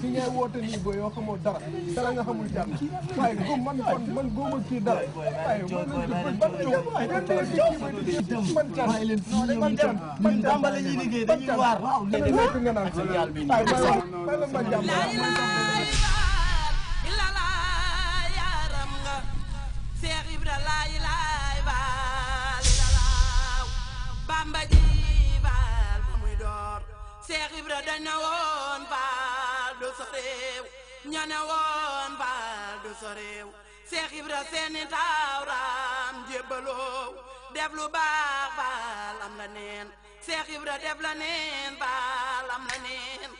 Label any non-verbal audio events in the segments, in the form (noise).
fi ngay woote nii ba yoo xamoo dara dara Bamba ji baal ba muy door Cheikh Ibra dañ na woo réew ñane baal du sa réew Seex Ibra seeni taaw raam jébbaloow def lu baax baal la neen Seex Ibra def la neen baal la neen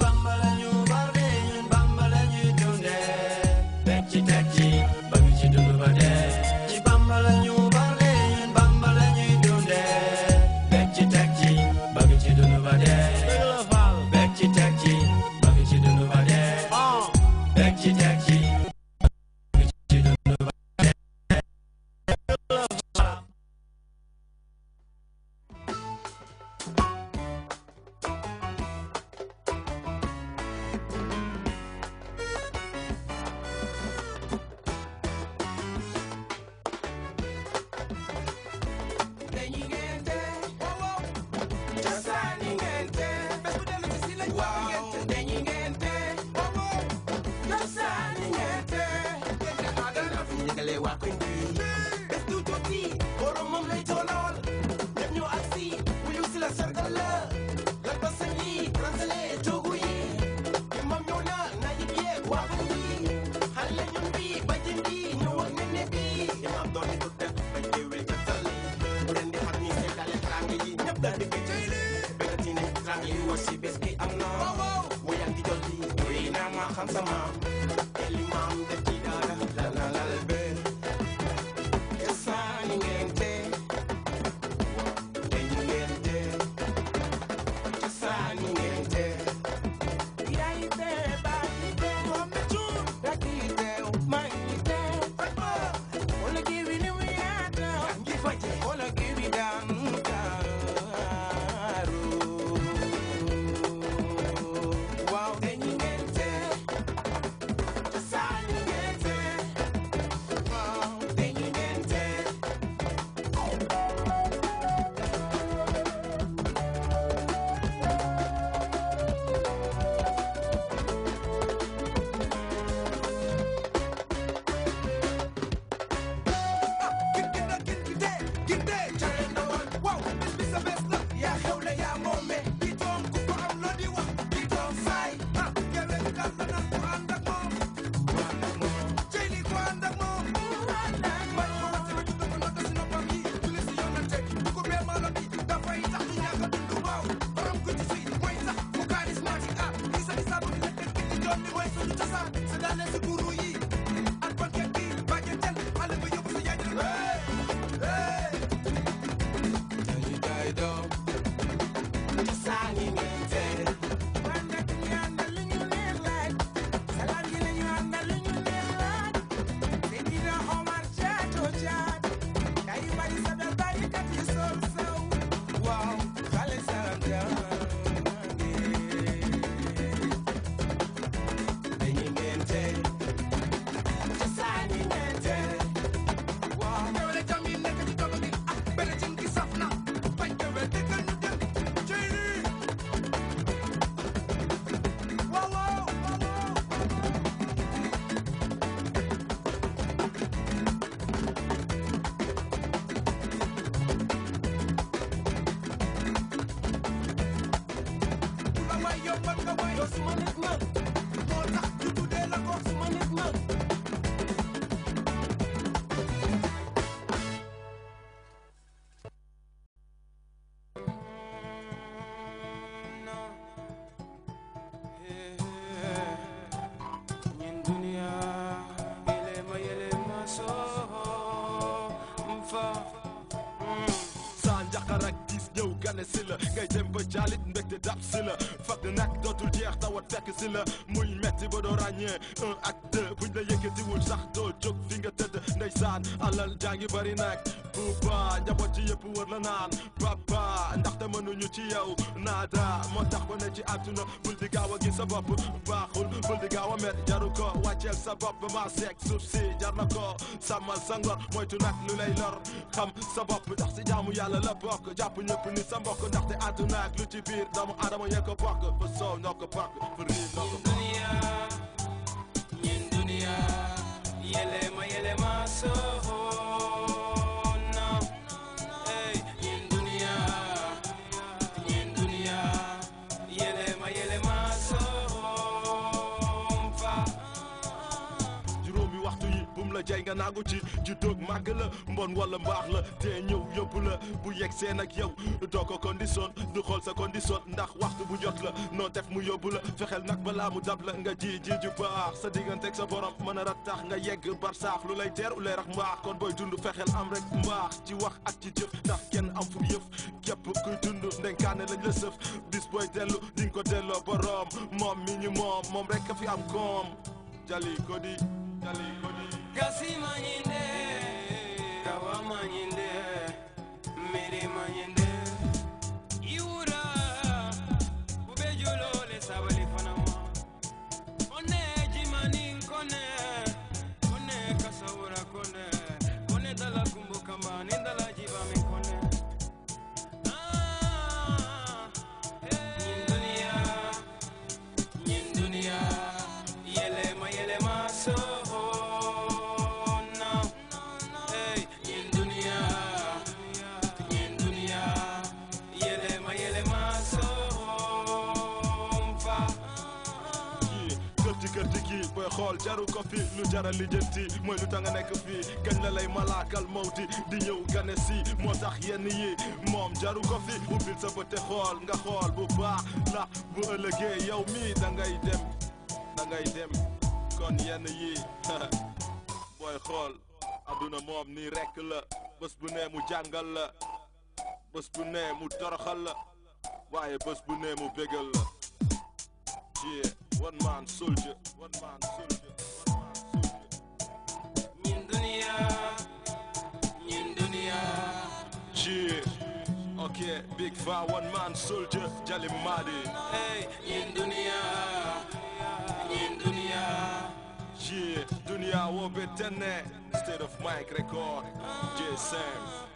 Bamba la ñu bar de ñun Bamba la ñuy dundee bekk ci teg ba ñu ci ba dee am sama maam jaqar ak gis ñëw gane si la ngay dem ba jaalit mbégte dab si la fag nag dootul jeex fekk si muy metti ba doo ràññee un ak deux buñ la sax doo jóg fi nga tëdd ndeysaan alal jaa ngi bari nag buuba njaboot ci yëpp wër la naan papa ndaxte mënuñu ci yaw yow naada moo tax ko ne ci àdduna bul di gaaw a gis sa bopp baaxul bul di gaaw a met jaru ko wàcceel sa bopp ma seeg suuf si jar na ko sàmmal sa ngor moytu nag lu lay lor xam sa bopp ndax si jaamu yàlla la bokk jàpp ñëpp ni sa mbokk ndaxte àdduna ak lu ci biir doomu aadama yee ko soow noo ko bokk ba riir noo nga nangu ci ju doog màgg la mbon wala mbaax la te ñëw yóbbu la bu yegg seen ak yow doo ko condition du xool sa condition ndax waxtu bu jot la noo def mu yóbbu la fexeel nag balaa mu dab la nga ji ji ju baax sa digganteeg sa borom mën a rattax nga yegg barsaax lu lay teer u lay rax mbaax kon booy dund fexeel am rek mbaax ci wax ak ci jëf ndax kenn am fu yëf képp kuy dund ndenkaane lañ la sëf bis booy dellu di nga ko delloo borom moom mi ñu moom rek a am koom Jali Kodi, Jali Kodi. xool jaru ko fi lu jara lijjanti mooy lu tax nga nekk fii kañ la lay malaakal mawti di ñëw gane si moo tax yenn yi moom jaru ko fi ubbil sa bët te xool nga xool bu baax ndax bu ëllëgee yow mi da ngay dem dem kon yenn yi (laughs) booy xool adduna moom nii rekk la bés bu ne mu jàngal la bés bu ne mu toroxal la waaye bés bu ne mu bégal la one man soldier, one man soldier, one man soldier. Nyin dunia, Yeah. Okay, big fire, one man soldier, Jali Madi. Hey, nyin dunia, nyin dunia. Yeah, dunia wo betene. State of Mike record, J Sam.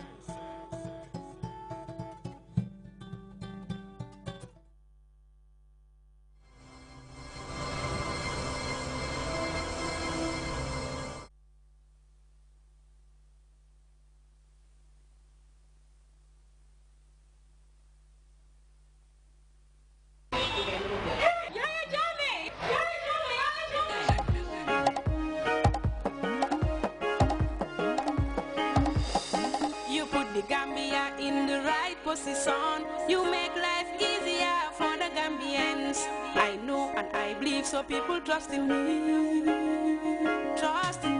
position. You make life easier for the Gambians. I know and I believe so people trust in me. Trust in me.